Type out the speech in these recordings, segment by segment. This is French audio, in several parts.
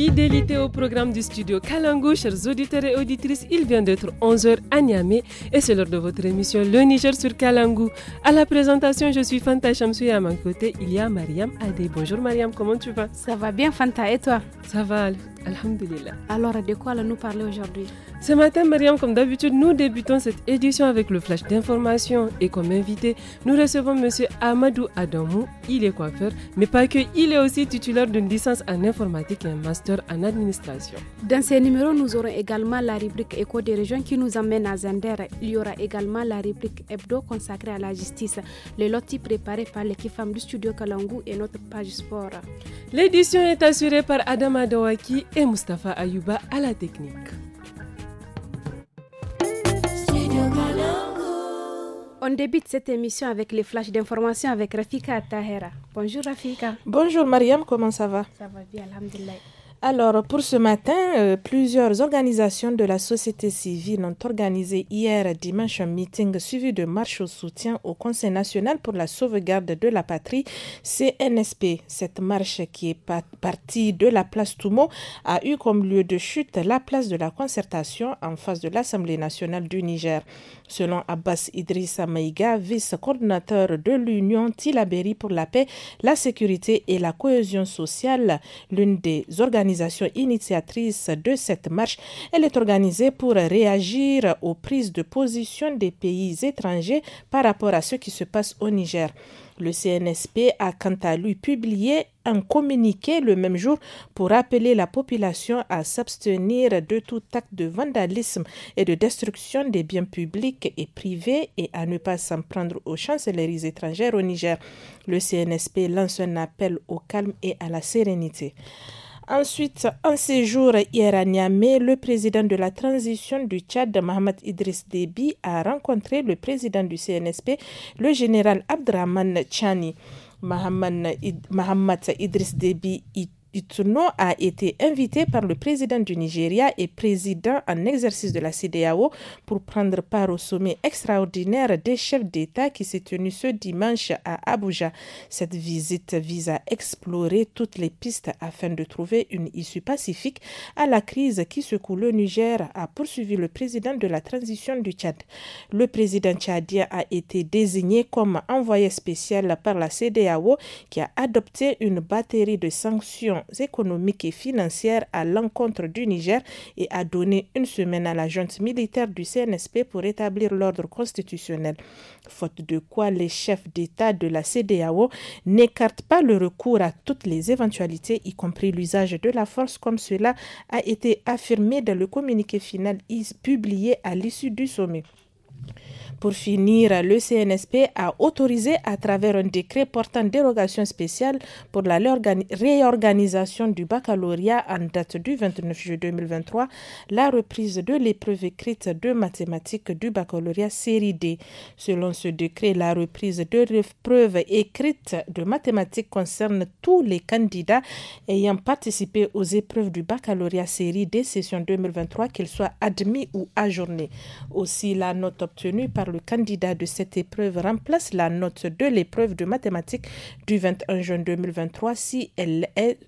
fidélité au programme du studio Kalangu, chers auditeurs et auditrices. Il vient d'être 11h à Niamey et c'est l'heure de votre émission Le Niger sur Kalangu. À la présentation, je suis Fanta Chamsou et à mon côté, il y a Mariam Adé. Bonjour Mariam, comment tu vas Ça va bien Fanta et toi Ça va, Alhamdulillah. Alors, de quoi allons-nous parler aujourd'hui Ce matin, Mariam, comme d'habitude, nous débutons cette édition avec le flash d'information. Et comme invité, nous recevons M. Amadou Adamou. Il est coiffeur, mais pas que. Il est aussi titulaire d'une licence en informatique et un master en administration. Dans ces numéros, nous aurons également la rubrique Écho des régions qui nous emmène à Zender... Il y aura également la rubrique Hebdo consacrée à la justice. Le loti préparé par l'équipe femme du studio Kalangou et notre page sport. L'édition est assurée par Adam Adawaki et Mustapha Ayuba à la technique. On débute cette émission avec les flashs d'information avec Rafika Tahera. Bonjour Rafika. Bonjour Mariam, comment ça va Ça va bien, alhamdulillah. Alors, pour ce matin, euh, plusieurs organisations de la société civile ont organisé hier dimanche un meeting suivi de marches au soutien au Conseil national pour la sauvegarde de la patrie, CNSP. Cette marche qui est partie de la place Toumo a eu comme lieu de chute la place de la concertation en face de l'Assemblée nationale du Niger. Selon Abbas Idrissa Maïga, vice-coordinateur de l'Union Tilaberi pour la paix, la sécurité et la cohésion sociale, l'une des organisations l'organisation initiatrice de cette marche. Elle est organisée pour réagir aux prises de position des pays étrangers par rapport à ce qui se passe au Niger. Le CNSP a quant à lui publié un communiqué le même jour pour appeler la population à s'abstenir de tout acte de vandalisme et de destruction des biens publics et privés et à ne pas s'en prendre aux chancelleries étrangères au Niger. Le CNSP lance un appel au calme et à la sérénité. Ensuite, en séjour hier à Niamey, le président de la transition du Tchad, Mohamed Idriss Déby, a rencontré le président du CNSP, le général Abdraman Chani. Mohamed Idriss Déby Ituno a été invité par le président du Nigeria et président en exercice de la CDAO pour prendre part au sommet extraordinaire des chefs d'État qui s'est tenu ce dimanche à Abuja. Cette visite vise à explorer toutes les pistes afin de trouver une issue pacifique à la crise qui secoue le Niger, a poursuivi le président de la transition du Tchad. Le président tchadien a été désigné comme envoyé spécial par la CDAO qui a adopté une batterie de sanctions économiques et financières à l'encontre du Niger et a donné une semaine à la junte militaire du CNSP pour établir l'ordre constitutionnel. Faute de quoi, les chefs d'État de la CDAO n'écartent pas le recours à toutes les éventualités, y compris l'usage de la force, comme cela a été affirmé dans le communiqué final publié à l'issue du sommet. Pour finir, le CNSP a autorisé à travers un décret portant dérogation spéciale pour la réorganisation du baccalauréat en date du 29 juillet 2023 la reprise de l'épreuve écrite de mathématiques du baccalauréat série D. Selon ce décret, la reprise de l'épreuve écrite de mathématiques concerne tous les candidats ayant participé aux épreuves du baccalauréat série D session 2023 qu'ils soient admis ou ajournés. Aussi, la note obtenue par le candidat de cette épreuve remplace la note de l'épreuve de mathématiques du 21 juin 2023 si elle est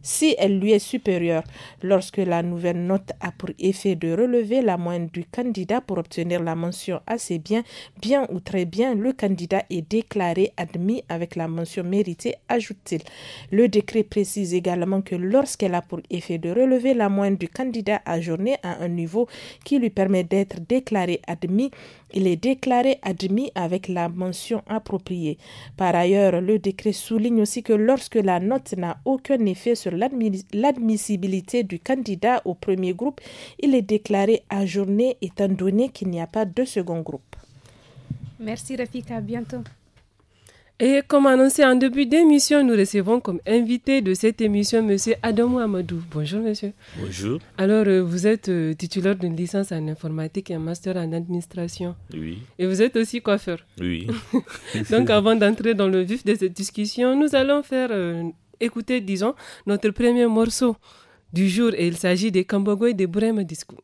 si elle lui est supérieure, lorsque la nouvelle note a pour effet de relever la moyenne du candidat pour obtenir la mention assez bien, bien ou très bien, le candidat est déclaré admis avec la mention méritée, ajoute-t-il. Le décret précise également que lorsqu'elle a pour effet de relever la moyenne du candidat à journée à un niveau qui lui permet d'être déclaré admis, il est déclaré admis avec la mention appropriée. Par ailleurs, le décret souligne aussi que lorsque la note n'a aucun effet sur l'admissibilité du candidat au premier groupe, il est déclaré ajourné étant donné qu'il n'y a pas de second groupe. Merci Rafika, à bientôt. Et comme annoncé en début d'émission, nous recevons comme invité de cette émission Monsieur Adam Amadou. Bonjour Monsieur. Bonjour. Alors euh, vous êtes euh, titulaire d'une licence en informatique et un master en administration. Oui. Et vous êtes aussi coiffeur. Oui. Donc avant d'entrer dans le vif de cette discussion, nous allons faire euh, écouter, disons, notre premier morceau du jour et il s'agit des Kambogoy de des Burema Disco.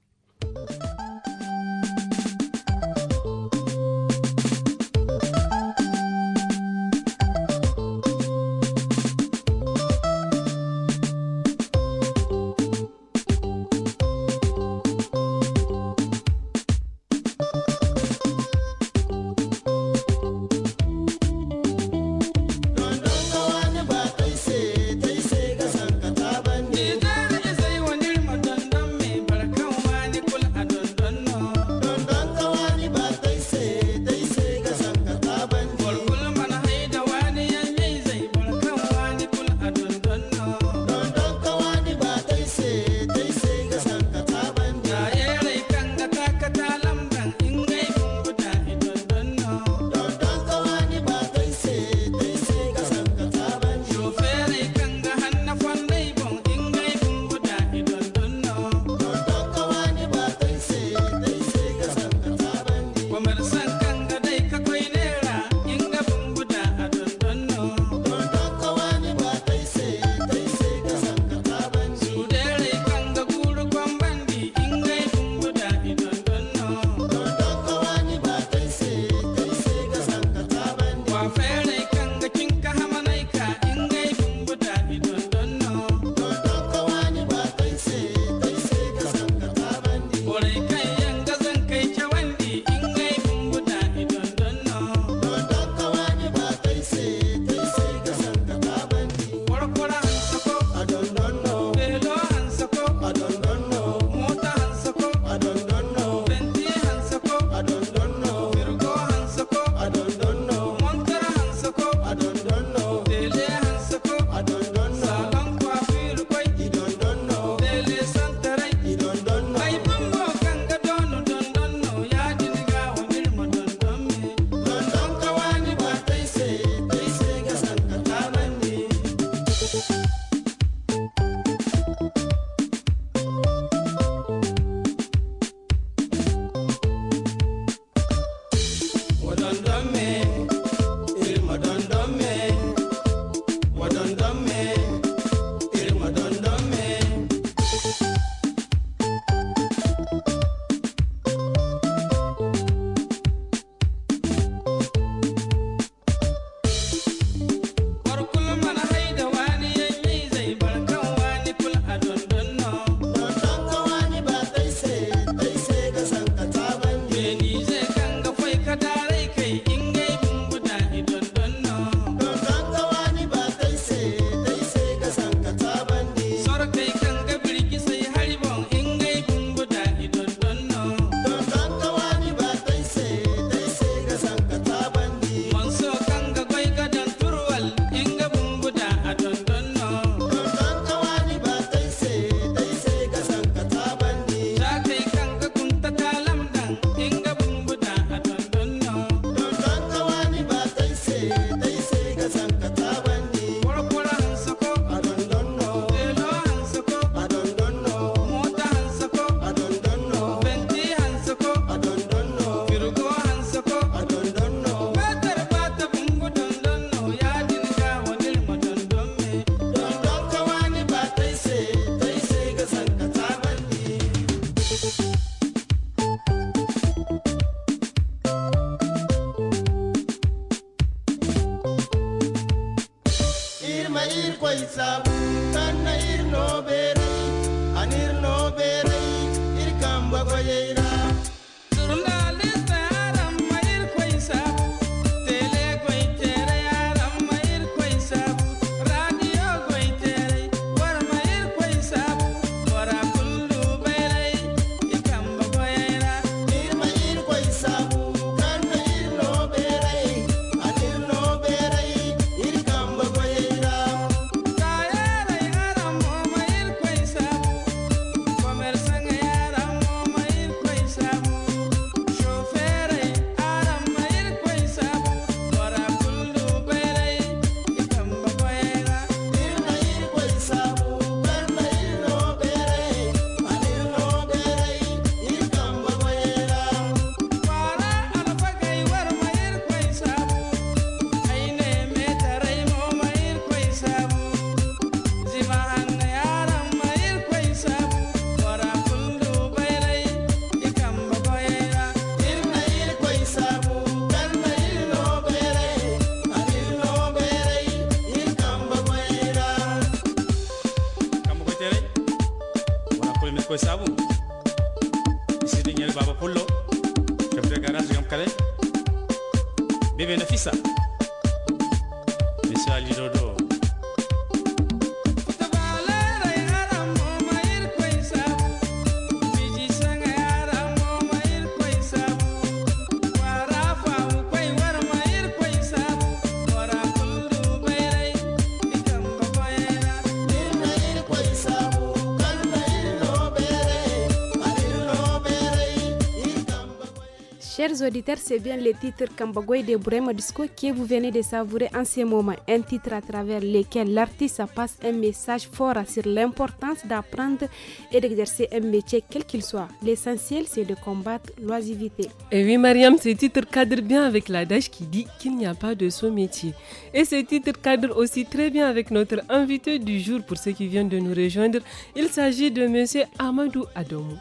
auditeurs, c'est bien le titre Kambagoy de Burema Disco que vous venez de savourer en ce moment. Un titre à travers lequel l'artiste passe un message fort sur l'importance d'apprendre et d'exercer un métier quel qu'il soit. L'essentiel, c'est de combattre l'oisivité. Et eh oui, Mariam, ce titre cadre bien avec l'adage qui dit qu'il n'y a pas de son métier. Et ce titre cadre aussi très bien avec notre invité du jour pour ceux qui viennent de nous rejoindre. Il s'agit de Monsieur Amadou Adomo.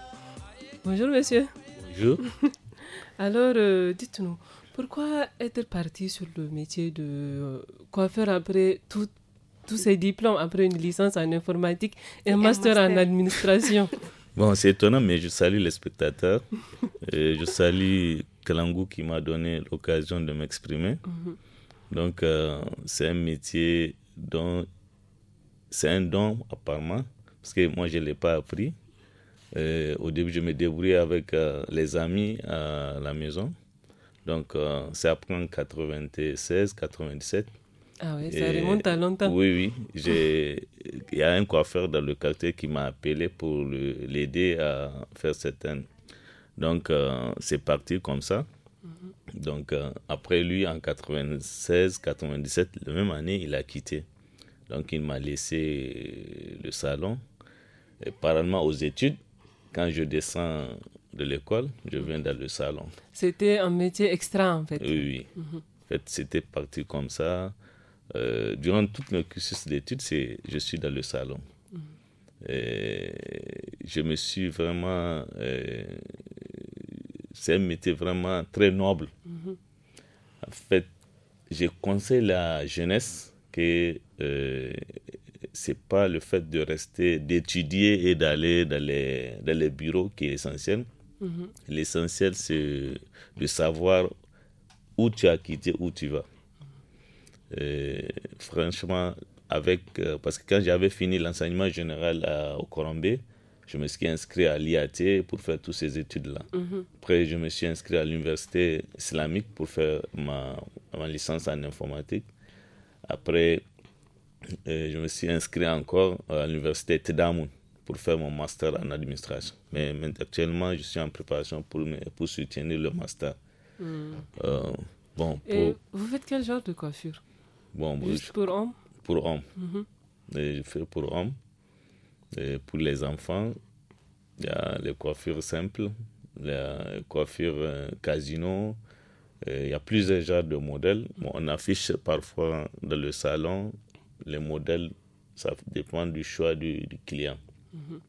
Bonjour, monsieur. Bonjour. Alors, euh, dites-nous, pourquoi être parti sur le métier de euh, coiffeur après tout, tous ces diplômes, après une licence en informatique et, un, master en administration Bon, c'est étonnant, mais je salue les spectateurs. Et je salue Kalangu qui m'a donné l'occasion de m'exprimer. Mhm. Donc, euh, c'est un métier dont. C'est un don, apparemment, parce que moi, je ne l'ai pas appris. Euh, au début, je me débrouillais avec euh, les amis à la maison. Donc, euh, c'est après 96, 97. Ah oui, ça remonte à longtemps. Oui, oui. Il y a un coiffeur dans le quartier qui m'a appelé pour l'aider à faire certaines. Donc, c'est parti comme ça. Mhm. Donc, après lui, en 96, 97, la même année, il a quitté. Donc, il m'a laissé le salon, et parallèlement aux études quand je descends de l'école, je viens dans le salon. C'était un métier extra, en fait. Oui, oui. Mhm. En fait, c'était parti comme ça. Euh, durant tout le cursus d'études, je suis dans le salon. Mhm. je me suis vraiment. Euh, c'est un métier vraiment très noble. Mhm. En fait, je conseille la jeunesse que euh, c'est pas le fait de rester, d'étudier et d'aller dans les, dans les bureaux qui est essentiel. Mhm. L'essentiel, c'est de savoir où tu as quitté, où tu vas. Euh, franchement, avec, euh, parce que quand j'avais fini l'enseignement général au Corombe je me suis inscrit à l'IAT pour faire toutes ces études-là. Mhm. Après, je me suis inscrit à l'université islamique pour faire ma, ma, licence en informatique. Après, je me suis inscrit encore à l'université Tedamoun pour faire mon master en administration. Mais, actuellement, je suis en préparation pour, pour soutenir le master. Hmm. Euh, bon, Et vous faites quel genre de coiffure bon, pour hommes Pour hommes. Mhm. je fais pour hommes. pour les enfants, il y a les coiffures simples, les coiffures euh, casino. Il y a plusieurs genres de modèles. on affiche parfois dans le salon les modèles, ça dépend du choix du, client. Mhm.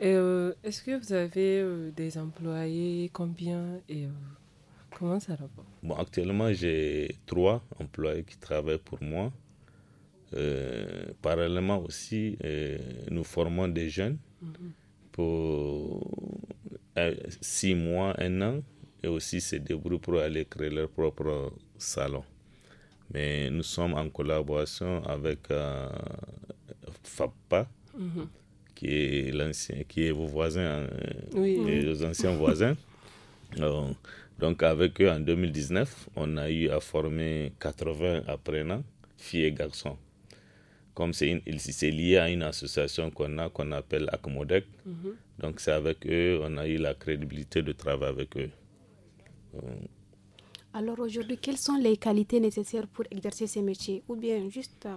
Et euh, Est-ce que vous avez euh, des employés Combien et euh, comment ça va bon, Actuellement, j'ai trois employés qui travaillent pour moi. parallèlement aussi, nous formons des jeunes mhm. pour six mois, un an, et aussi se groupes pour aller créer leur propre salon mais nous sommes en collaboration avec euh, FAPA, mhm. qui est l'ancien, qui est vos voisins, les hein, anciens mhm. voisins. Euh, donc avec eux en 2019, on a eu à former 80 apprenants, filles et garçons. Comme c'est lié à une association qu'on a, qu'on appelle ACMODEC, mhm. donc c'est avec eux, on a eu la crédibilité de travailler avec eux. Euh, alors aujourd'hui, quelles sont les qualités nécessaires pour exercer ces métiers Ou bien juste euh,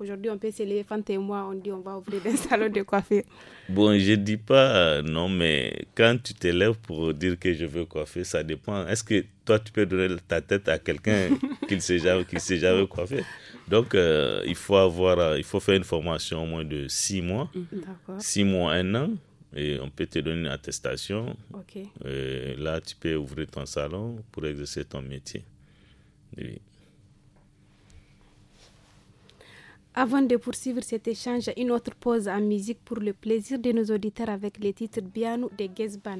aujourd'hui, on peut s'élever, et moi, on dit on va ouvrir un salon de coiffure. Bon, je ne dis pas euh, non, mais quand tu te lèves pour dire que je veux coiffer, ça dépend. Est-ce que toi, tu peux donner ta tête à quelqu'un qui ne sait jamais, coiffer Donc, euh, il, faut avoir, il faut faire une formation au moins de six mois, six mois, un an et on peut te donner une attestation. Euh, là, tu peux ouvrir ton salon pour exercer ton métier. Avant de poursuivre cet échange, une autre pause en musique pour le plaisir de nos auditeurs avec les titres Bianou de Gesban.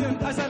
Hasan Hasan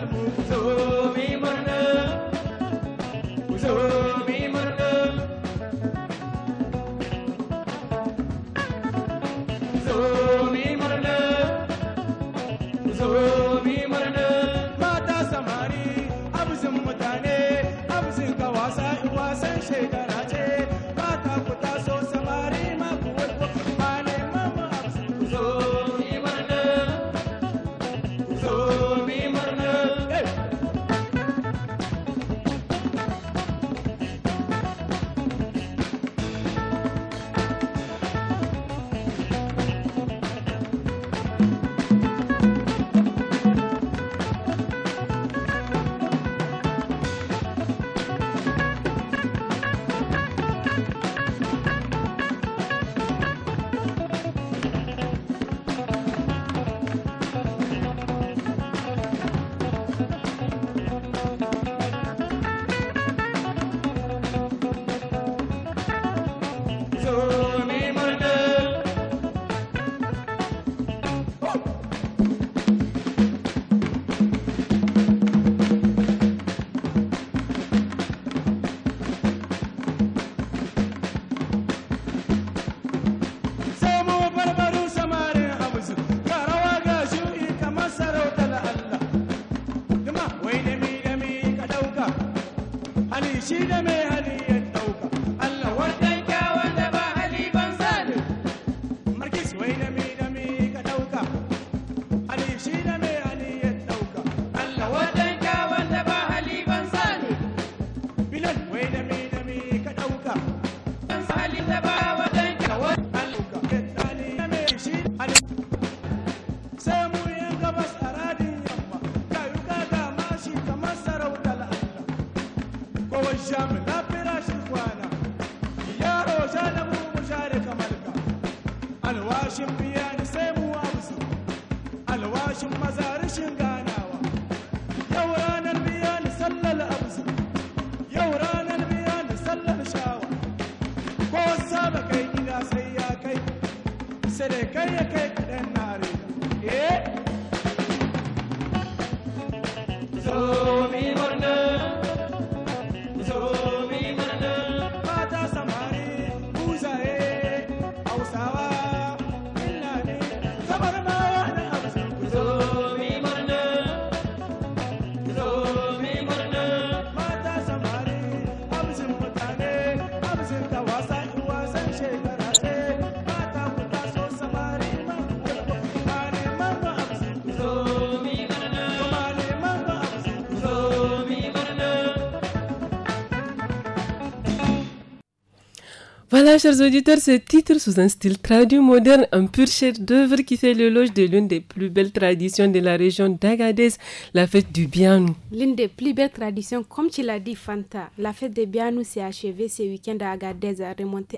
Voilà, chers auditeurs, ce titre sous un style traduit moderne, un pur chef d'œuvre qui fait l'éloge de l'une des plus belles traditions de la région d'Agadez, la fête du Bianou. L'une des plus belles traditions, comme tu l'as dit, Fanta, la fête du Bianou s'est achevée ce week-end à Agadez, à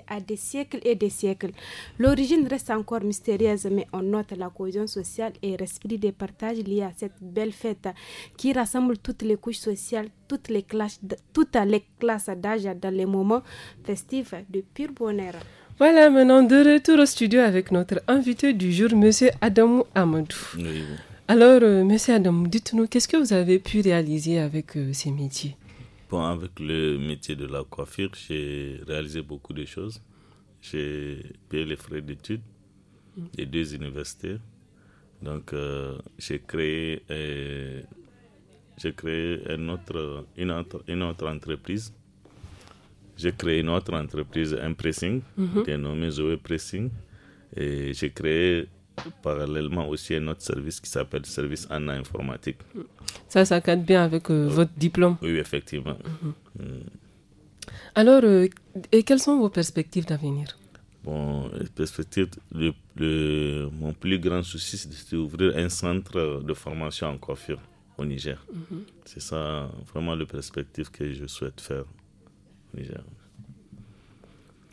à des siècles et des siècles. L'origine reste encore mystérieuse, mais on note la cohésion sociale et l'esprit de partage lié à cette belle fête qui rassemble toutes les couches sociales toutes les classes, toutes les classes d'âge dans les moments festifs de pur bonheur. Voilà, maintenant de retour au studio avec notre invité du jour, Monsieur Adam Amadou. Alors, euh, Monsieur Adamou, dites-nous, qu'est-ce que vous avez pu réaliser avec euh, ces métiers Bon, avec le métier de la coiffure, j'ai réalisé beaucoup de choses. J'ai payé les frais d'études mm. des deux universités. Donc, euh, j'ai créé j'ai créé une autre, une autre, entreprise. J'ai créé une autre entreprise, un pressing, mhm. qui est nommé Zoé Pressing. Et j'ai créé parallèlement aussi un autre service qui s'appelle Service Anna Informatique. Ça, ça cadre bien avec euh, euh, votre diplôme. Oui, effectivement. Mhm. Mm. Alors, euh, et quelles sont vos perspectives d'avenir Bon, perspective, mon plus grand souci, c'est d'ouvrir un centre de formation en coiffure. Niger. Mhm. C'est ça vraiment le perspective que je souhaite faire au Niger.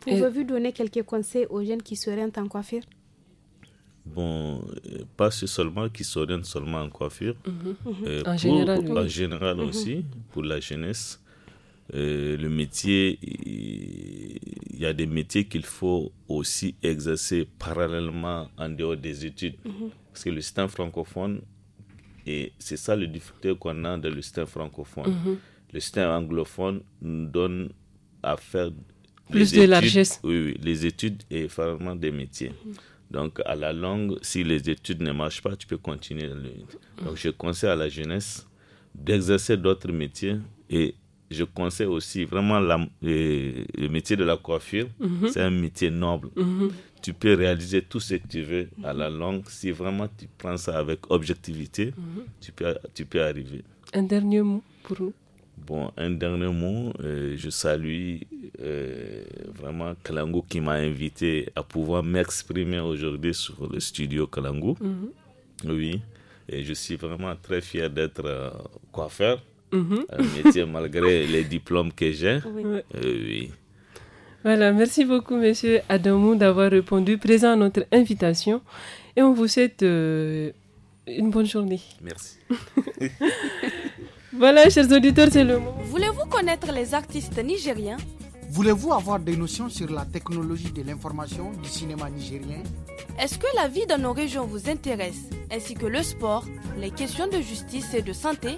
Pouvez-vous donner quelques conseils aux jeunes qui rendent en coiffure Bon, euh, pas seulement qui rendent seulement en coiffure, mhm. Mhm. Euh, en, général, en, général, aussi, pour la jeunesse. Euh, le métier, il y a des métiers qu'il faut aussi exercer parallèlement en dehors des études. Parce que le système francophone et c'est ça le difficulté qu'on a dans le système francophone. Mhm. Le système anglophone nous donne à faire plus de largesse. Oui, oui, les études et vraiment des métiers. Mhm. Donc, à la longue, si les études ne marchent pas, tu peux continuer. Mhm. Donc, je conseille à la jeunesse d'exercer d'autres métiers et je conseille aussi vraiment la, le, métier de la coiffure. C'est un métier noble tu peux réaliser tout ce que tu veux à la longue. Si vraiment tu prends ça avec objectivité, tu, peux, tu peux arriver. Un dernier mot pour nous Bon, un dernier mot. Euh, je salue euh, vraiment Kalangu qui m'a invité à pouvoir m'exprimer aujourd'hui sur le studio Kalangu. Mhm. Oui, et je suis vraiment très fier d'être euh, coiffeur. Mhm. Un métier malgré les diplômes que j'ai. oui. Voilà, merci beaucoup, monsieur Adamou, d'avoir répondu présent à notre invitation. Et on vous souhaite euh, une bonne journée. Merci. voilà, chers auditeurs, c'est le mot. Voulez-vous connaître les artistes nigériens Voulez-vous avoir des notions sur la technologie de l'information du cinéma nigérien Est-ce que la vie dans nos régions vous intéresse, ainsi que le sport, les questions de justice et de santé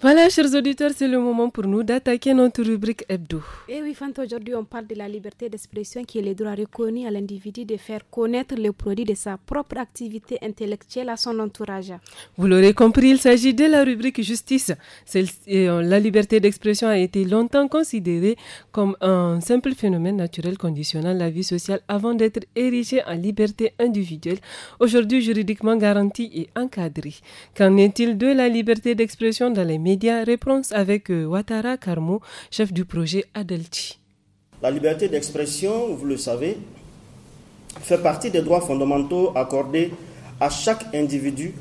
Voilà, chers auditeurs, c'est le moment pour nous d'attaquer notre rubrique hebdo. Et eh oui, Fanta, aujourd'hui, on parle de la liberté d'expression qui est le droit reconnu à l'individu de faire connaître le produit de sa propre activité intellectuelle à son entourage. Vous l'aurez compris, il s'agit de la rubrique justice. Euh, la liberté d'expression a été longtemps considérée comme un simple phénomène naturel conditionnant la vie sociale avant d'être érigée en liberté individuelle, aujourd'hui juridiquement garantie et encadrée. Qu'en est-il de la liberté d'expression dans les Média Réponse avec euh, Ouattara Carmo, chef du projet Adelti. La liberté d'expression, vous le savez, fait partie des droits fondamentaux accordés à chaque individu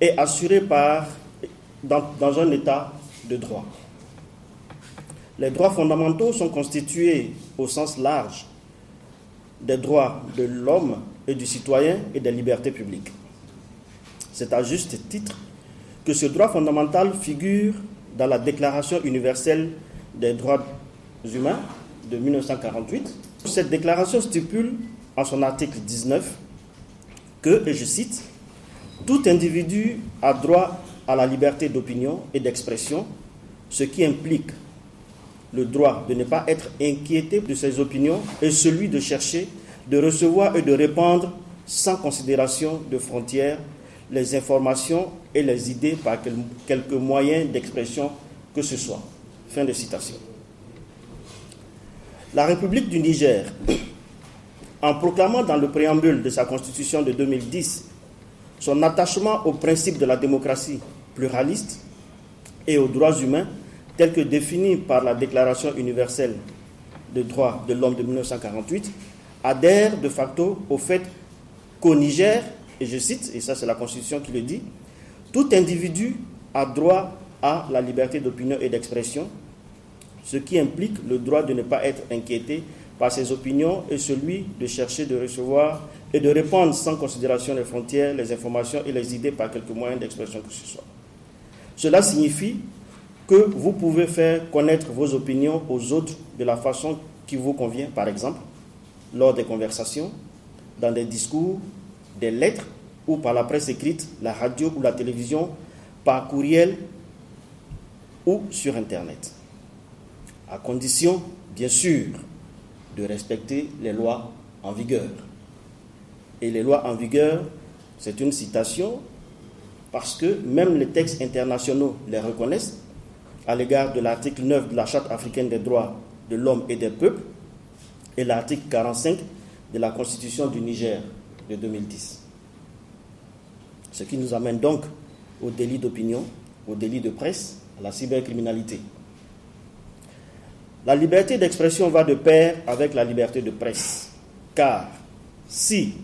et assurés par, dans un État de droit. Les droits fondamentaux sont constitués au sens large des droits de l'homme et du citoyen et des libertés publiques. C'est à juste titre que ce droit fondamental figure dans la Déclaration universelle des droits humains de 1948. Cette déclaration stipule en son article 19 que, et je cite, Tout individu a droit à la liberté d'opinion et d'expression, ce qui implique le droit de ne pas être inquiété de ses opinions et celui de chercher, de recevoir et de répandre sans considération de frontières les informations et les idées par quelques moyens d'expression que ce soit. Fin de citation. La République du Niger, en proclamant dans le préambule de sa constitution de 2010 son attachement au principe de la démocratie pluraliste et aux droits humains tels que définis par la Déclaration universelle des droits de l'homme de 1948, adhère de facto au fait qu'au Niger, et je cite, et ça c'est la Constitution qui le dit, tout individu a droit à la liberté d'opinion et d'expression, ce qui implique le droit de ne pas être inquiété par ses opinions et celui de chercher, de recevoir et de répondre sans considération les frontières, les informations et les idées par quelque moyen d'expression que ce soit. Cela signifie que vous pouvez faire connaître vos opinions aux autres de la façon qui vous convient, par exemple, lors des conversations, dans des discours, des lettres ou par la presse écrite, la radio ou la télévision, par courriel ou sur Internet. À condition, bien sûr, de respecter les lois en vigueur. Et les lois en vigueur, c'est une citation parce que même les textes internationaux les reconnaissent à l'égard de l'article 9 de la Charte africaine des droits de l'homme et des peuples et l'article 45 de la Constitution du Niger de 2010. Ce qui nous amène donc au délit d'opinion, au délit de presse, à la cybercriminalité. La liberté d'expression va de pair avec la liberté de presse, car si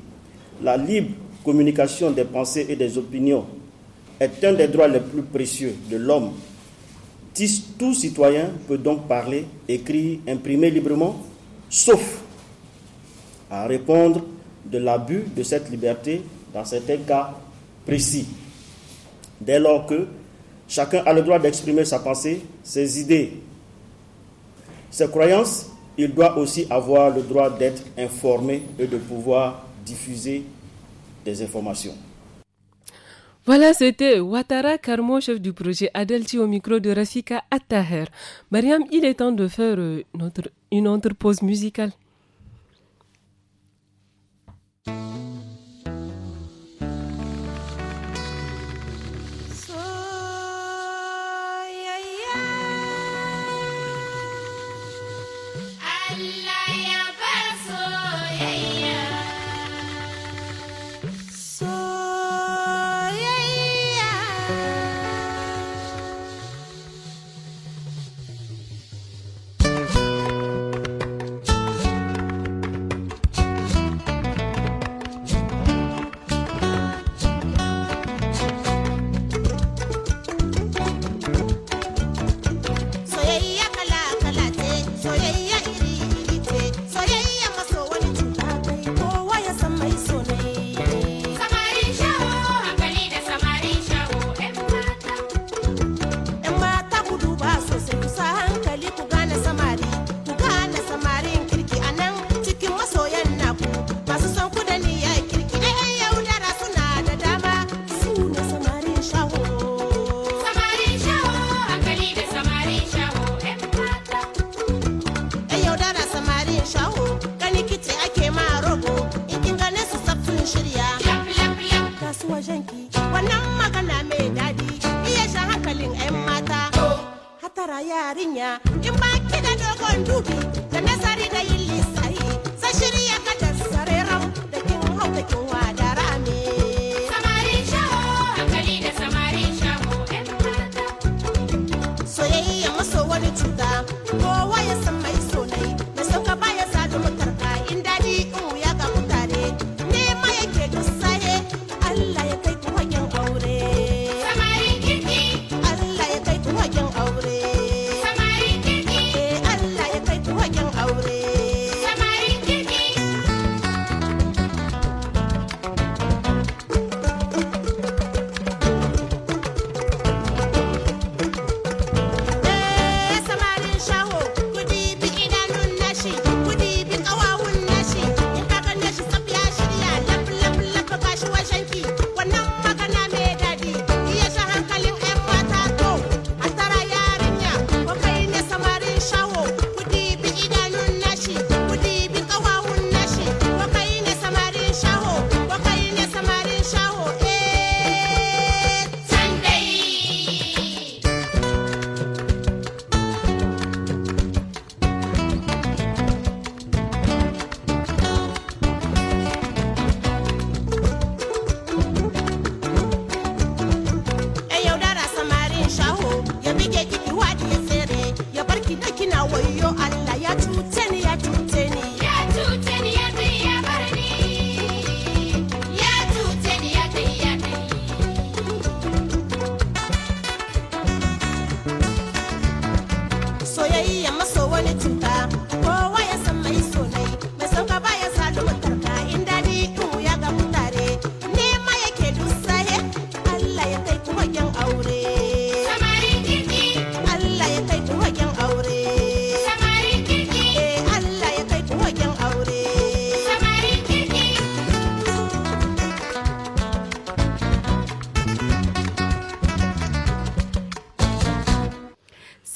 la libre communication des pensées et des opinions est un des droits les plus précieux de l'homme, tout citoyen peut donc parler, écrire, imprimer librement, sauf à répondre de l'abus de cette liberté, dans certains cas précis. Dès lors que chacun a le droit d'exprimer sa pensée, ses idées, ses croyances, il doit aussi avoir le droit d'être informé et de pouvoir diffuser des informations. Voilà, c'était Ouattara Carmo, chef du projet Adelti au micro de Rafika Attaher. Mariam, il est temps de faire euh, notre, une pause musicale.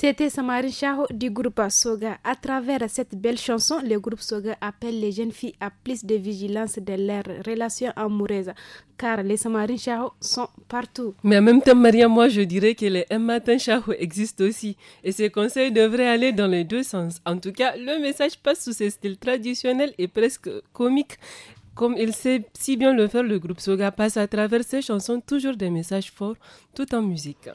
C'était Samarin Chaho du groupe Soga. À travers cette belle chanson, le groupe Soga appelle les jeunes filles à plus de vigilance de leurs relations amoureuses, car les Samarin Chaho sont partout. Mais en même temps, Maria, moi je dirais que les M matin Chaho existent aussi, et ces conseils devraient aller dans les deux sens. En tout cas, le message passe sous ce style traditionnel et presque comique comme il sait si bien le faire, le groupe Soga passe à travers ses chansons toujours des messages forts, tout en musique.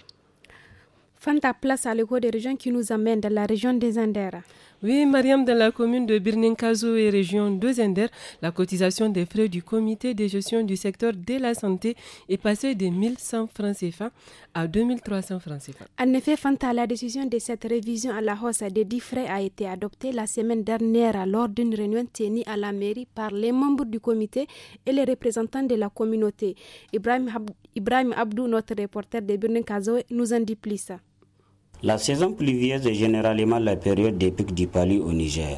Fanta place à l'écho des régions qui nous amène dans la région des Indères. Oui, Mariam, dans la commune de Birninkazo et région de Zender, la cotisation des frais du comité de gestion du secteur de la santé est passée de 1100 francs CFA à 2300 francs CFA. En effet, Fanta, la décision de cette révision à la hausse des 10 frais a été adoptée la semaine dernière lors d'une réunion tenue à la mairie par les membres du comité et les représentants de la communauté. Ibrahim, Abdou, notre reporter de Birninkazo, nous en dit plus. La saison pluvieuse est généralement la période des pics du palu au Niger.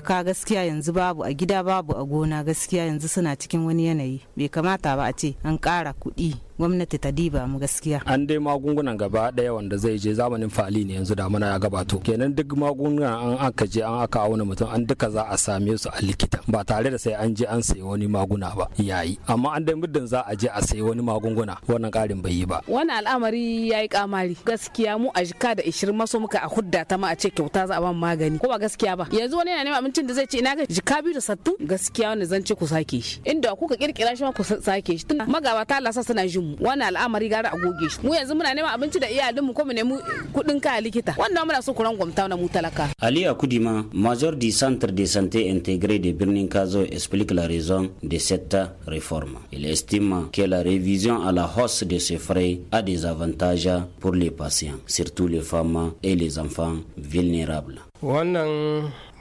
talaka gaskiya yanzu babu a gida babu a gona gaskiya yanzu suna cikin wani yanayi bai kamata ba a ce an ƙara kuɗi gwamnati ta diba mu gaskiya an dai magungunan gaba daya wanda zai je zamanin fali ne yanzu da mana ya gabato kenan duk magungunan an aka je an aka auna mutum an duka za a same su a likita ba tare da sai an je an sayi wani maguna ba yayi amma an dai muddin za a je a sayi wani magunguna wannan karin bai yi ba wani al'amari yayi kamari gaskiya mu a jika da 20 maso muka a hudda ta ma a ce kyauta za a ban magani ko ba gaskiya ba yanzu wani yana nema abincin da zai ce ina ga jika biyu da sattu gaskiya wani zan ku sake shi inda kuka kirkira shi ma ku sake shi tun magabata Allah sa suna jin al'amari Ali major du centre de santé intégré de Birnin Kazo explique la raison de cette réforme il estime que la révision à la hausse de ces frais a des avantages pour les patients surtout les femmes et les enfants vulnérables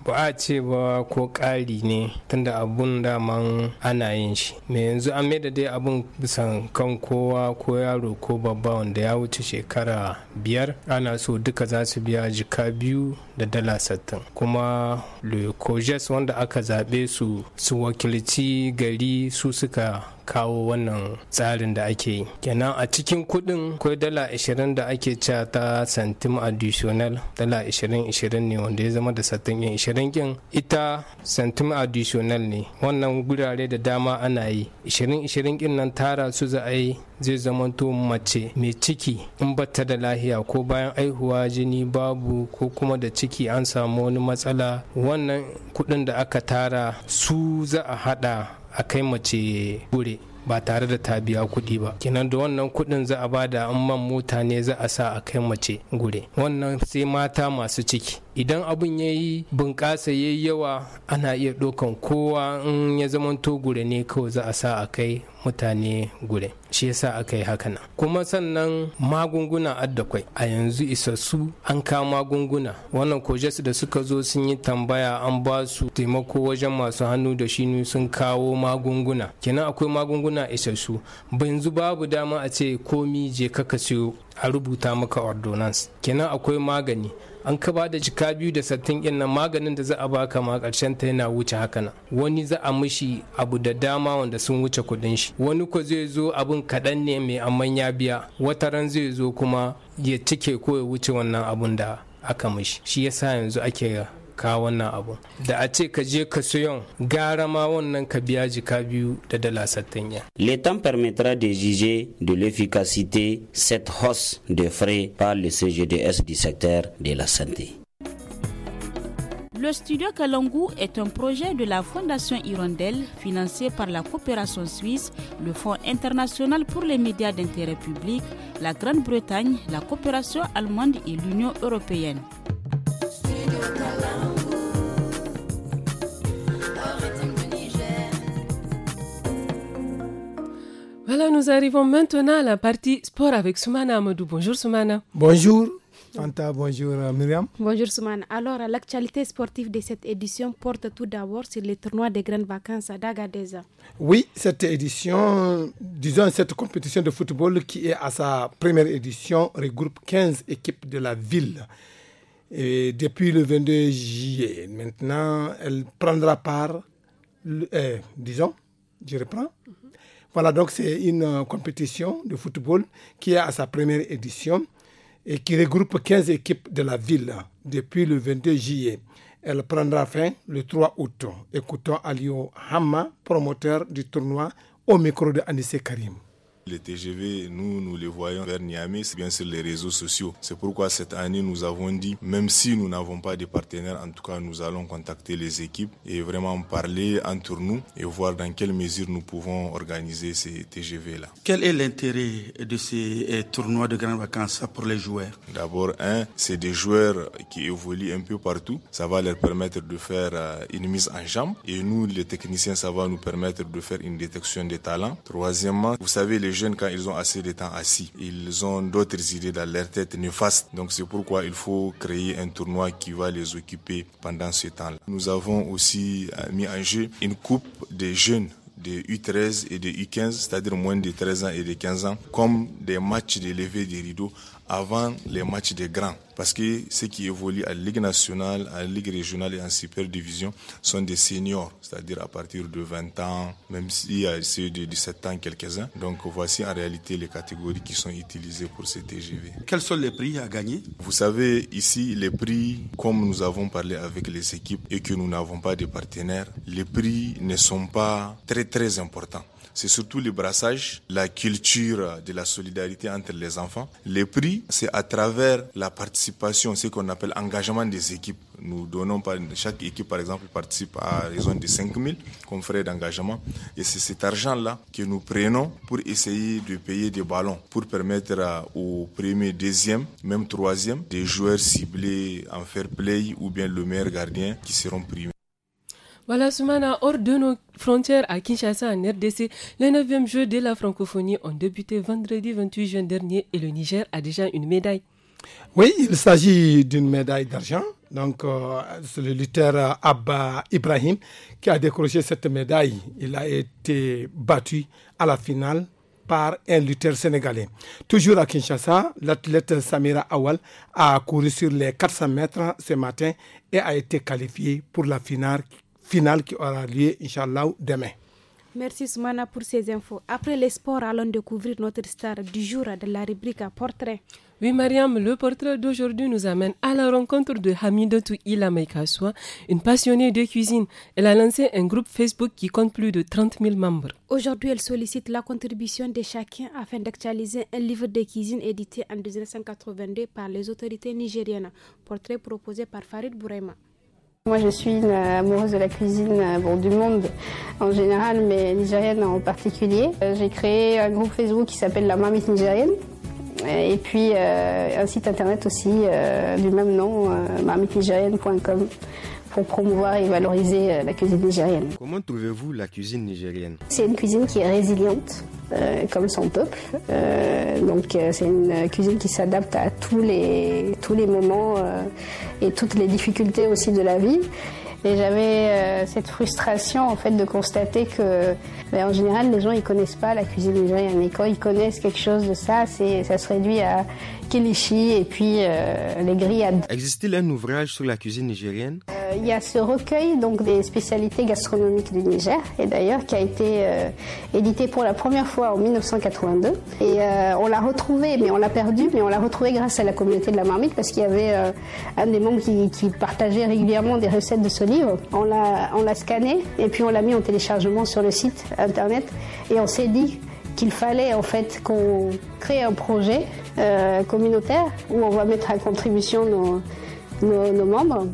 ba a ce ba ko ƙari ne tunda abun daman ana yin shi me yanzu an da dai abun bisan kan kowa ko yaro ko babba wanda ya wuce shekara biyar ana so duka za su biya jika biyu da dala sattin kuma lecoges wanda aka zaɓe su su wakilci gari su suka kawo wannan tsarin da ake yi kenan a cikin kuɗin akwai dala 20 da ake cewa ta santim additional dala 20-20 ne wanda ya zama da satin yin 20 kin ita santim additional ne wannan gurare da dama ana yi 20-20 kin nan tara su za a yi zai zama to mace mai ciki in bata da lahiya ko bayan aihuwa jini babu ko kuma da ciki an samu wani matsala wannan kudin da aka tara su za a hada a kai mace gure ba tare da ta biya kuɗi ba kenan da wannan kuɗin za a bada an man mutane za a sa a kai mace gure wannan sai mata masu ciki idan abun ya yi bunƙasa ya yi yawa ana iya ɗaukan kowa in ya zamanto gure ne kawai za a sa a kai mutane gure shi yasa aka yi haka nan kuma sannan magunguna addakwai a yanzu isassu an ka magunguna wannan kojes da suka zo sun yi tambaya an ba su taimako wajen masu hannu da shinu sun kawo magunguna kenan akwai magunguna isassu yanzu babu dama a ce komi je ka siyo a rubuta maka ordonance kenan akwai magani an ka ba da jika biyu da sattin ɗin maganin da za a baka ma ƙarshen ta yana wuce haka nan wani za a mishi abu da dama wanda sun wuce kuɗin shi wani ko zai zo abun kaɗan ne mai amman ya biya wata ran zai zo kuma ya cike ko ya wuce wannan abun da aka mishi shi yasa yanzu ake ka le temps permettra de juger de l'efficacité cette hausse de frais par le CGDS du secteur de la santé le studio Kalangu est un projet de la Fondation Hirondelle financé par la coopération suisse, le Fonds international pour les médias d'intérêt public, la Grande-Bretagne, la coopération allemande et l'Union européenne. Voilà, nous arrivons maintenant à la partie sport avec Soumana Amadou. Bonjour Soumana. Bonjour. Anta, bonjour euh, Myriam. Bonjour Soumana. Alors, euh, l'actualité sportive de cette édition porte tout d'abord sur les tournois des grandes vacances à d'Agadeza. Oui, cette édition, disons cette compétition de football qui est à sa première édition, regroupe 15 équipes de la ville. Et depuis le 22 juillet, maintenant, elle prendra part, eh, disons, je reprends, voilà, donc c'est une euh, compétition de football qui est à sa première édition et qui regroupe 15 équipes de la ville depuis le 22 juillet. Elle prendra fin le 3 août. Écoutons Alio Hamma, promoteur du tournoi, au micro de Anissé Karim. Les TGV, nous, nous les voyons vers Niamey, c'est bien sûr les réseaux sociaux. C'est pourquoi cette année, nous avons dit, même si nous n'avons pas de partenaires, en tout cas, nous allons contacter les équipes et vraiment parler entre nous et voir dans quelle mesure nous pouvons organiser ces TGV-là. Quel est l'intérêt de ces euh, tournois de grandes vacances pour les joueurs D'abord, un, c'est des joueurs qui évoluent un peu partout. Ça va leur permettre de faire euh, une mise en jambe. Et nous, les techniciens, ça va nous permettre de faire une détection des talents. Troisièmement, vous savez, les quand ils ont assez de temps assis, ils ont d'autres idées dans leur tête néfastes. Donc c'est pourquoi il faut créer un tournoi qui va les occuper pendant ce temps-là. Nous avons aussi euh, mis en jeu une coupe des jeunes de U13 et de U15, c'est-à-dire moins de 13 ans et de 15 ans, comme des matchs de levée des rideaux avant les matchs des grands. Parce que ceux qui évoluent à Ligue nationale, à Ligue régionale et en super division sont des seniors, c'est-à-dire à partir de 20 ans, même s'il y a ceux de 17 ans quelques-uns. Donc voici en réalité les catégories qui sont utilisées pour ces TGV. Quels sont les prix à gagner Vous savez, ici, les prix, comme nous avons parlé avec les équipes et que nous n'avons pas de partenaires, les prix ne sont pas très très importants c'est surtout le brassage, la culture de la solidarité entre les enfants. Les prix, c'est à travers la participation, ce qu'on appelle engagement des équipes. Nous donnons, par, chaque équipe, par exemple, participe à raison de 5 000 comme frais d'engagement. Et c'est cet argent-là que nous prenons pour essayer de payer des ballons, pour permettre euh, aux premiers, deuxièmes, même troisième, des joueurs ciblés en fair play ou bien le meilleur gardien qui seront primés. Voilà, bah, Soumana, hors de nos frontières à Kinshasa, en RDC, les 9e Jeux de la francophonie ont débuté vendredi 28 juin dernier et le Niger a déjà une médaille. Oui, il s'agit d'une médaille d'argent. Donc, euh, c'est le lutteur Abba Ibrahim qui a décroché cette médaille. Il a été battu à la finale par un lutteur sénégalais. Toujours à Kinshasa, l'athlète Samira Awal a couru sur les 400 mètres ce matin et a été qualifié pour la finale Final qui aura lieu, Inch'Allah, demain. Merci Soumana pour ces infos. Après les sports, allons découvrir notre star du jour de la rubrique portrait. Oui, Mariam, le portrait d'aujourd'hui nous amène à la rencontre de Hamidotou Ilamaikaswa, une passionnée de cuisine. Elle a lancé un groupe Facebook qui compte plus de 30 000 membres. Aujourd'hui, elle sollicite la contribution de chacun afin d'actualiser un livre de cuisine édité en 1982 par les autorités nigériennes. Portrait proposé par Farid Bourema. Moi, je suis une euh, amoureuse de la cuisine euh, du monde en général, mais nigérienne en particulier. Euh, j'ai créé un groupe Facebook qui s'appelle La Marmite Nigérienne. Et puis un site internet aussi du même nom, marmite marmitenigérienne.com pour promouvoir et valoriser euh, la cuisine nigérienne. Comment trouvez-vous la cuisine nigérienne C'est une cuisine qui est résiliente, euh, comme son peuple. Euh, donc c'est une cuisine qui s'adapte à tous les, tous les moments et toutes les difficultés aussi de la vie. Et j'avais cette frustration en fait de constater que, ben, en général, les gens ils connaissent pas la cuisine nigérienne. Et quand ils connaissent quelque chose de ça, c'est ça se réduit à et puis euh, les grillades. Existe-t-il un ouvrage sur la cuisine nigérienne euh, Il y a ce recueil donc des spécialités gastronomiques du Niger et d'ailleurs qui a été euh, édité pour la première fois en 1982 et on l'a retrouvé mais on l'a perdu mais on l'a retrouvé grâce à la communauté de la marmite parce qu'il y avait un des membres qui, qui, partageait régulièrement des recettes de ce livre. On l'a on l'a scanné et puis on l'a mis en téléchargement sur le site internet et on s'est dit qu'il fallait en fait qu'on crée un projet euh, communautaire où on va mettre à contribution nos membres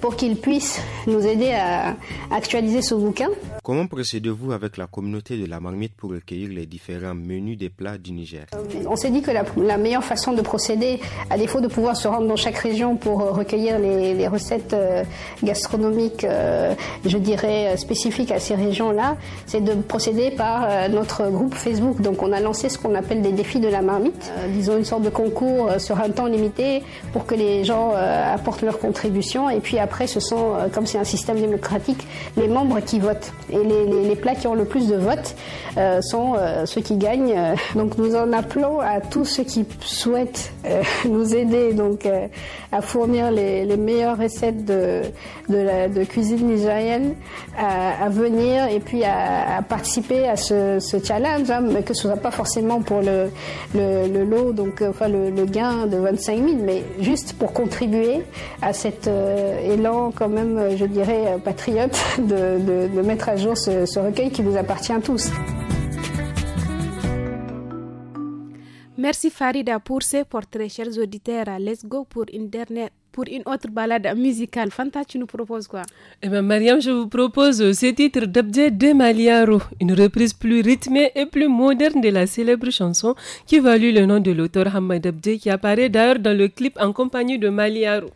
pour qu'ils puissent nous aider à actualiser ce bouquin. Comment procédez-vous avec la communauté de la marmite pour recueillir les différents menus des plats du Niger On s'est dit que la, meilleure façon de procéder, à défaut de pouvoir se rendre dans chaque région pour euh, recueillir les, recettes euh, gastronomiques, euh, je dirais, spécifiques à ces régions-là, c'est de procéder par notre groupe Facebook. Donc on a lancé ce qu'on appelle des défis de la marmite, disons une sorte de concours sur un temps limité pour que les gens apportent leur contribution. Et puis après, ce sont, comme c'est un système démocratique, les membres qui votent les, plats qui ont le plus de votes euh, sont euh, ceux qui gagnent. Euh, donc nous en appelons à tous ceux qui souhaitent nous aider donc à fournir les, meilleures recettes de, cuisine nigérienne à, venir et puis à, participer à ce, challenge, hein, mais que ce soit pas forcément pour le, lot, donc enfin le, gain de 25 000, mais juste pour contribuer à cet élan quand même, je dirais, patriote de mettre à jour ce, recueil qui vous appartient tous. Merci Farida pour ces portraits chers auditeurs. Let's go pour une pour une autre balade musicale. Fanta, tu nous proposes quoi Eh bien, Mariam, je vous propose ce titre d'Abdé de Maliaro, une reprise plus rythmée et plus moderne de la célèbre chanson qui valut le nom de l'auteur Hamad Abdé, qui apparaît d'ailleurs dans le clip en compagnie de Maliaro.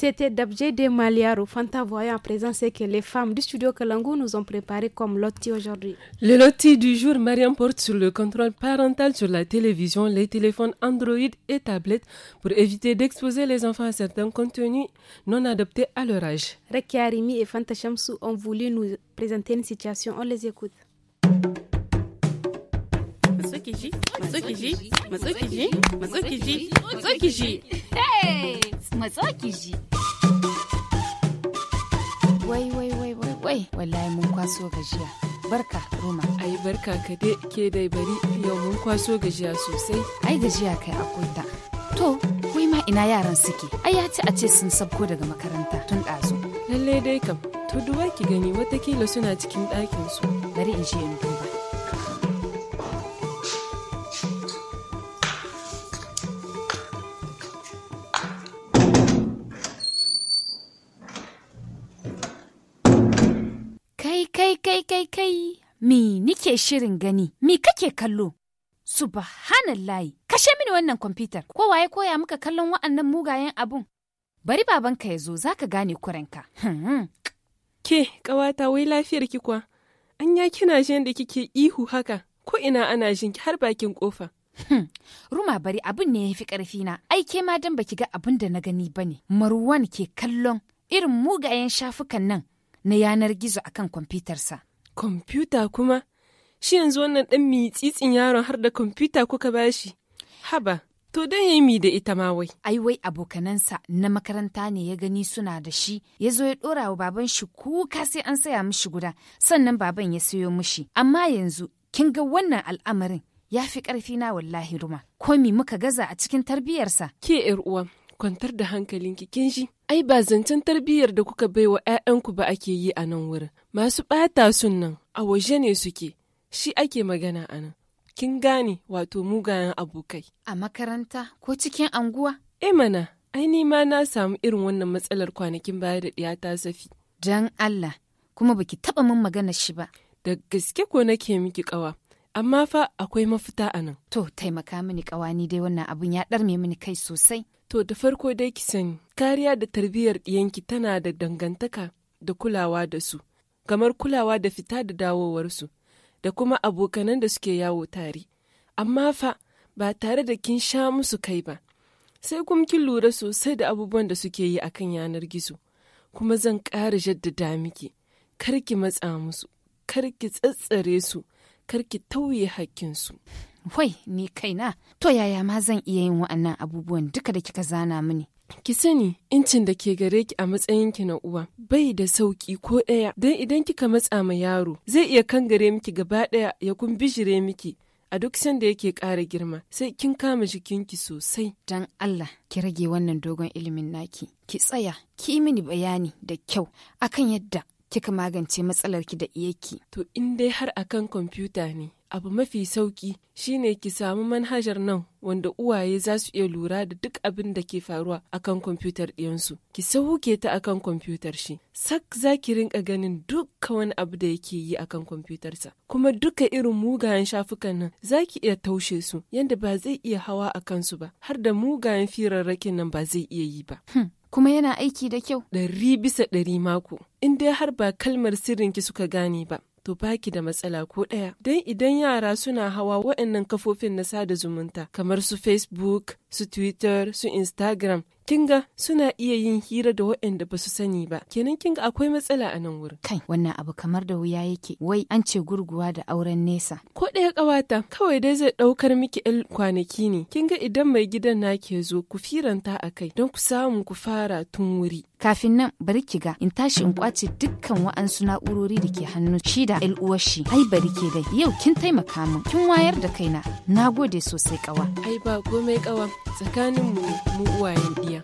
C'était Dabjé des Maliaro. Fanta voyant à présent c'est que les femmes du studio Kalangu nous ont préparé comme loti aujourd'hui. Le loti du jour, Mariam porte sur le contrôle parental sur la télévision, les téléphones Android et tablettes pour éviter d'exposer les enfants à certains contenus non adaptés à leur âge. Rekia Rimi et Fanta Chamsou ont voulu nous présenter une situation. On les écoute. matsukiji matsukiji matsukiji matsukiji matsukiji matsukiji wai wai wai wai wai wallahi mun kwaso gajiya barka roma ai barka ka dai ke dai bari yau mun kwaso gajiya sosai ai gajiya kai akwai to wai ma ina yaran suke ai ya ci a ce sun sabko daga makaranta tun ɗazu lallai dai kam to duwa ki gani watakila suna cikin ɗakinsu. bari in je in duba kake shirin gani? Mi kake kallo? layi. kashe mini wannan kwamfutar. Kowa ya koya maka kallon wa'annan mugayen abun? Bari babanka ya zo za ka gane kurenka. Hmm. Ke, ƙawata wai lafiyar ki kuwa? An ya kina jin da kike ihu haka, ko ina ana jin har bakin kofa. Hmm. Ruma bari abun ne ya fi ƙarfi na, ai ke ma dan baki ga abun da na gani ba ne. Marwan ke kallon irin mugayen shafukan nan na yanar gizo akan kwamfutarsa. Kwamfuta kuma? shi yanzu wannan ɗan tsitsin yaron har da kwamfuta kuka bashi haba to dan ya mi da ita ma wai ai wai abokanansa na makaranta ne ya gani suna da shi ya zo ya ɗora wa baban shi kuka sai an saya mishi guda sannan baban ya sayo mishi amma yanzu kin ga wannan al'amarin ya fi ƙarfi na wallahi ruma komi muka gaza a cikin tarbiyarsa ke yar uwa kwantar da hankalinki kin ji ai ba zancen tarbiyyar da kuka baiwa 'ya'yanku ba ake yi a nan wurin masu ɓata sun nan a waje ne suke shi ake magana a nan. Kin gane wato mugayen abokai. A makaranta ko cikin anguwa? E mana, ai ni ma na samu irin wannan matsalar kwanakin baya da ta safi. Jan Allah, kuma baki taɓa min magana shi ba. Da gaske ko nake miki ƙawa, amma fa akwai mafita a nan. To, taimaka mini ƙawa ni dai wannan abun ya ɗarme mini kai sosai. To, da farko dai ki sani, kariya da tarbiyyar ɗiyanki tana da dangantaka da kulawa da su, kamar kulawa da fita da dawowarsu. da kuma abokanan da suke yawo tare amma fa ba tare da kin sha musu kai ba sai kuma kin lura sosai da abubuwan da suke yi akan yanar gizo kuma zan ƙara jaddada miki kar ki matsa musu kar ki tsatsare su kar ki tauye hakkinsu. Wai, ni kaina, to yaya ma zan iya yin wa'annan abubuwan duka da kika zana mini? Ki sani incin da ke gare ki a matsayinki na uwa bai da sauki ko ɗaya don idan kika matsa ma yaro zai iya kangare miki gaba ɗaya ya bishire miki a duk sanda yake ƙara girma sai kin kama jikinki sosai. Don Allah ki rage wannan dogon ilimin naki ki tsaya ki mini bayani da kyau akan yadda kika magance matsalar ki da iyaki. To in dai har akan kwamfuta ne, abu mafi sauki shine ki samu manhajar nan wanda uwaye za su iya lura da duk abin da ke faruwa akan kwamfutar ɗiyansu. Ki sauke ta akan kwamfutar shi. Sak za ki rinka ganin duka wani abu da yake yi akan kwamfutarsa. Kuma duka irin mugayen shafukan nan za ki iya taushe su yadda ba zai iya hawa a kansu ba, har da mugayen firarrakin nan ba zai iya yi ba. Hmm. kuma yana aiki da kyau? Ɗari bisa ɗari mako. In dai har ba kalmar sirrinki suka gane ba. to baki da matsala ko ɗaya. Don idan yara suna hawa waɗannan kafofin na sada zumunta kamar su Facebook, su Twitter, su Instagram, kinga suna iya yin hira da waɗanda ba su sani ba kenan kinga akwai matsala a nan wurin kai wannan abu kamar da wuya yake wai an ce gurguwa da auren nesa ko ɗaya ƙawata kawai dai zai ɗaukar miki ɗan kwanaki ne kinga idan mai gidan na ke zo ku firanta a kai don ku samu ku fara tun wuri kafin nan bari ki ga in tashi in kwace dukkan wa'ansu na'urori da ke hannu shi da ɗan uwar shi ai bari ke dai yau kin taimaka min kin wayar da kaina na gode sosai ƙawa. ai ba komai ƙawa tsakanin mu mu uwayen iya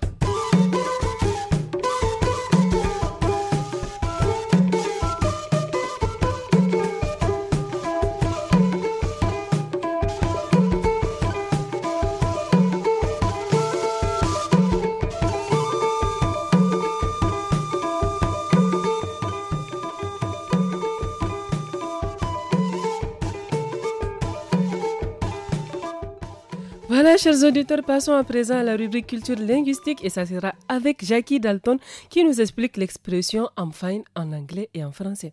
chers auditeurs, passons à présent à la rubrique culture linguistique et ça sera avec Jackie Dalton qui nous explique l'expression I'm fine en anglais et en français.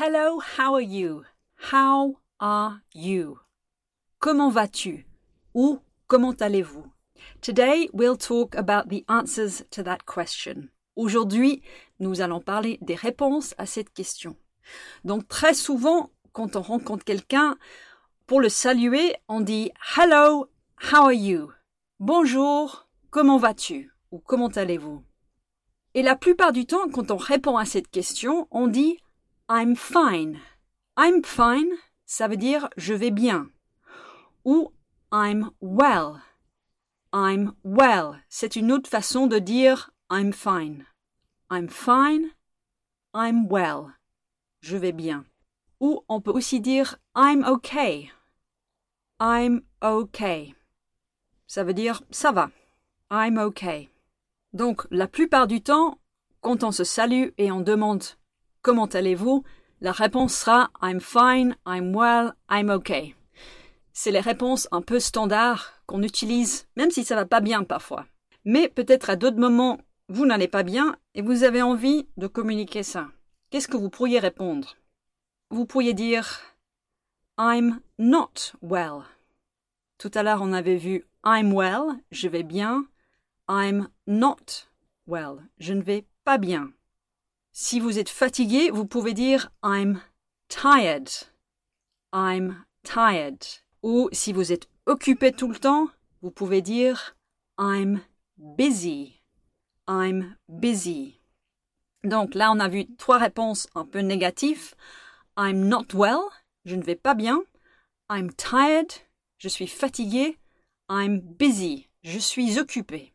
Hello, how are you? How are you? Comment vas-tu? Ou comment allez-vous? Today we'll talk about the answers to that question. Aujourd'hui, nous allons parler des réponses à cette question. Donc très souvent, quand on rencontre quelqu'un, pour le saluer, on dit Hello, How are you? Bonjour, comment vas-tu? Ou comment allez-vous? Et la plupart du temps, quand on répond à cette question, on dit I'm fine. I'm fine, ça veut dire je vais bien. Ou I'm well. I'm well, c'est une autre façon de dire I'm fine. I'm fine. I'm well. Je vais bien. Ou on peut aussi dire I'm okay. I'm okay. Ça veut dire ça va. I'm okay. Donc, la plupart du temps, quand on se salue et on demande comment allez-vous, la réponse sera I'm fine, I'm well, I'm okay. C'est les réponses un peu standard qu'on utilise, même si ça va pas bien parfois. Mais peut-être à d'autres moments, vous n'allez pas bien et vous avez envie de communiquer ça. Qu'est-ce que vous pourriez répondre Vous pourriez dire I'm not well. Tout à l'heure, on avait vu I'm well, je vais bien. I'm not well, je ne vais pas bien. Si vous êtes fatigué, vous pouvez dire I'm tired. I'm tired. Ou si vous êtes occupé tout le temps, vous pouvez dire I'm busy. I'm busy. Donc là, on a vu trois réponses un peu négatives. I'm not well, je ne vais pas bien. I'm tired, je suis fatigué. I'm busy. Je suis occupé.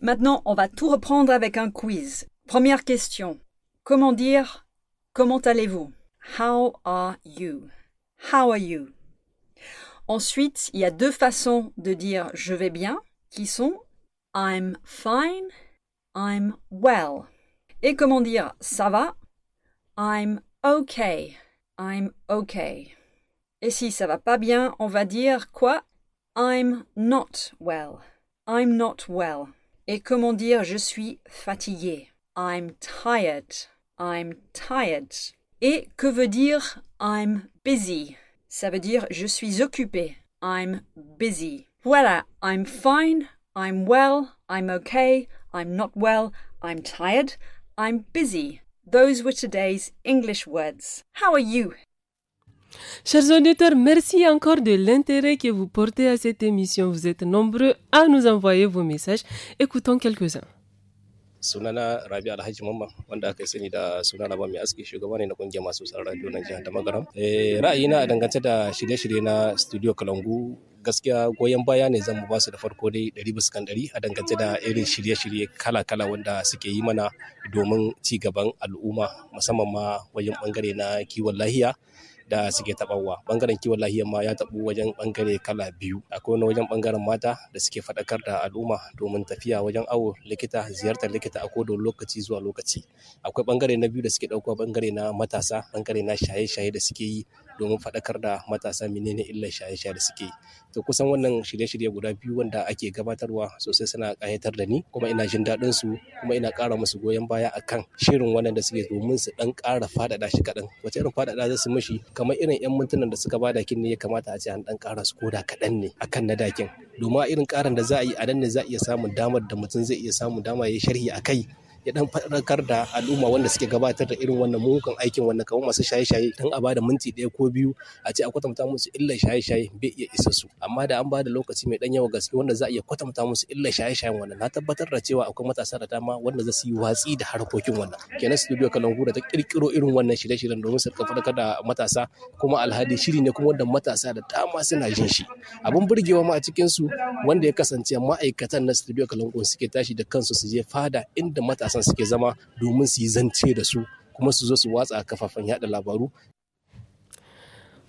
Maintenant, on va tout reprendre avec un quiz. Première question. Comment dire Comment allez-vous How are you How are you Ensuite, il y a deux façons de dire je vais bien qui sont I'm fine, I'm well. Et comment dire ça va I'm okay, I'm okay. Et si ça va pas bien, on va dire quoi I'm not well. I'm not well. Et comment dire je suis fatigué? I'm tired. I'm tired. Et que veut dire I'm busy? Ça veut dire je suis occupé. I'm busy. Voilà, I'm fine, I'm well, I'm okay, I'm not well, I'm tired, I'm busy. Those were today's English words. How are you? Chers auditeurs, merci encore de l'intérêt que vous portez à cette émission. Vous êtes nombreux à nous envoyer vos messages. Écoutons quelques-uns. sunana rabi alhaji mamma wanda aka sani da sunana ba mai aski shugaba ne na kungiyar masu tsaron radio na jihar damagaram eh, ra'ayina a dangance da shirye-shirye na studio kalangu gaskiya goyon baya ne zan ba su da farko dai ɗari bisa kan ɗari a dangance da irin shirye-shirye kala-kala wanda suke yi mana domin ci gaban al'umma musamman ma wajen bangare na kiwon lahiya da suke taɓawa bangaren kiwon lafiya ma ya taɓu wajen bangare kala biyu akwai wani wajen bangaren mata da suke faɗakar da al'umma domin tafiya wajen awo likita ziyartar likita a don lokaci zuwa lokaci akwai bangare na biyu da suke ɗauko bangare na matasa bangare na shaye-shaye da suke yi domin faɗakar da matasa menene illar shaye-shaye da suke to kusan wannan shirye-shirye guda biyu wanda ake gabatarwa sosai suna ƙayatar da ni kuma ina jin daɗin su kuma ina ƙara musu goyon baya akan shirin wannan da suke domin su ɗan ƙara faɗaɗa shi kaɗan wace irin faɗaɗa za su mishi kamar irin 'yan mintunan da suka bada kin ne ya kamata a ce an ɗan ƙara su koda kaɗan ne akan na dakin domin irin ƙarin da za a yi a nan ne za a iya samun damar da mutum zai iya samun dama ya sharhi a kai ya dan faɗakar da al'umma wanda suke gabatar da irin wannan mugun aikin wannan kamar masu shaye-shaye dan a bada minti ɗaya ko biyu a ce a kwatanta musu illa shaye-shaye bai iya isa su amma da an bada lokaci mai dan yawa gaske wanda za a iya kwatanta musu illa shaye-shayen wannan na tabbatar da cewa akwai matasa da dama wanda za su yi watsi da harkokin wannan kenan studio kalangu da ta kirkiro irin wannan shirye-shiryen domin su faɗakar da matasa kuma alhali shiri ne kuma wanda matasa da dama suna jin shi Abun burgewa ma a cikin su wanda ya kasance ma'aikatan na studio kalangu suke tashi da kansu su je fada inda matasa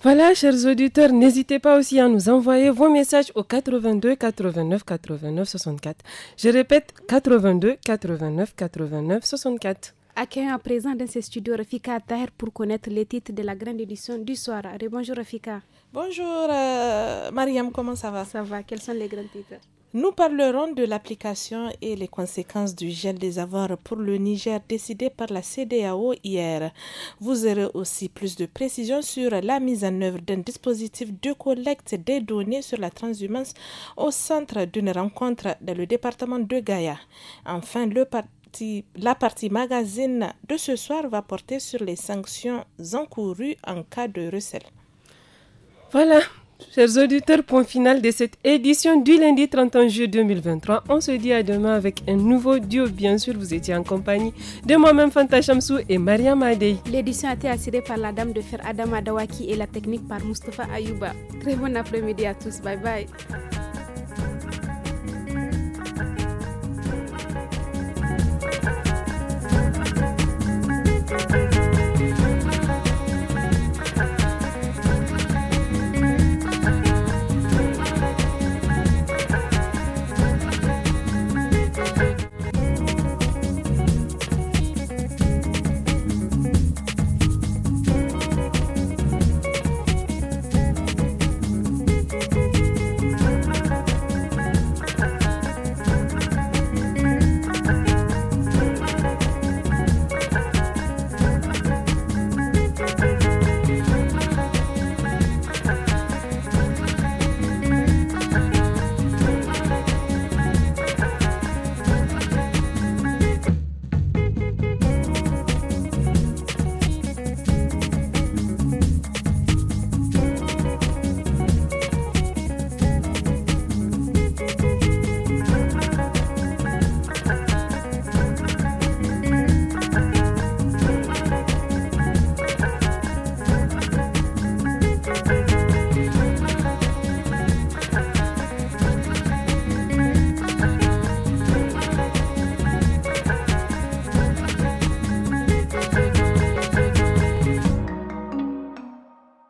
Voilà, chers auditeurs, n'hésitez pas aussi à nous envoyer vos messages au 82 89 89 64. Je répète, 82 89 89 64. Accueillons à présent dans ce studio Rafika Taher pour connaître les titres de la grande édition du soir. Bonjour Rafika. Bonjour euh, Mariam, comment ça va Ça va, quels sont les grands titres nous parlerons de l'application et les conséquences du gel des avoirs pour le Niger décidé par la CDAO hier. Vous aurez aussi plus de précisions sur la mise en œuvre d'un dispositif de collecte des données sur la transhumance au centre d'une rencontre dans le département de Gaïa. Enfin, la partie magazine de ce soir va porter sur les sanctions encourues en cas de recel. Voilà, Chers auditeurs, point final de cette édition du lundi 31 juillet 2023. On se dit à demain avec un nouveau duo. Bien sûr, vous étiez en compagnie de moi-même, Fanta Chamsou et Maria Madei. L'édition a été assurée par la dame de fer Adam Adawaki et la technique par Mustafa Ayuba. Très bon après-midi à tous. Bye bye.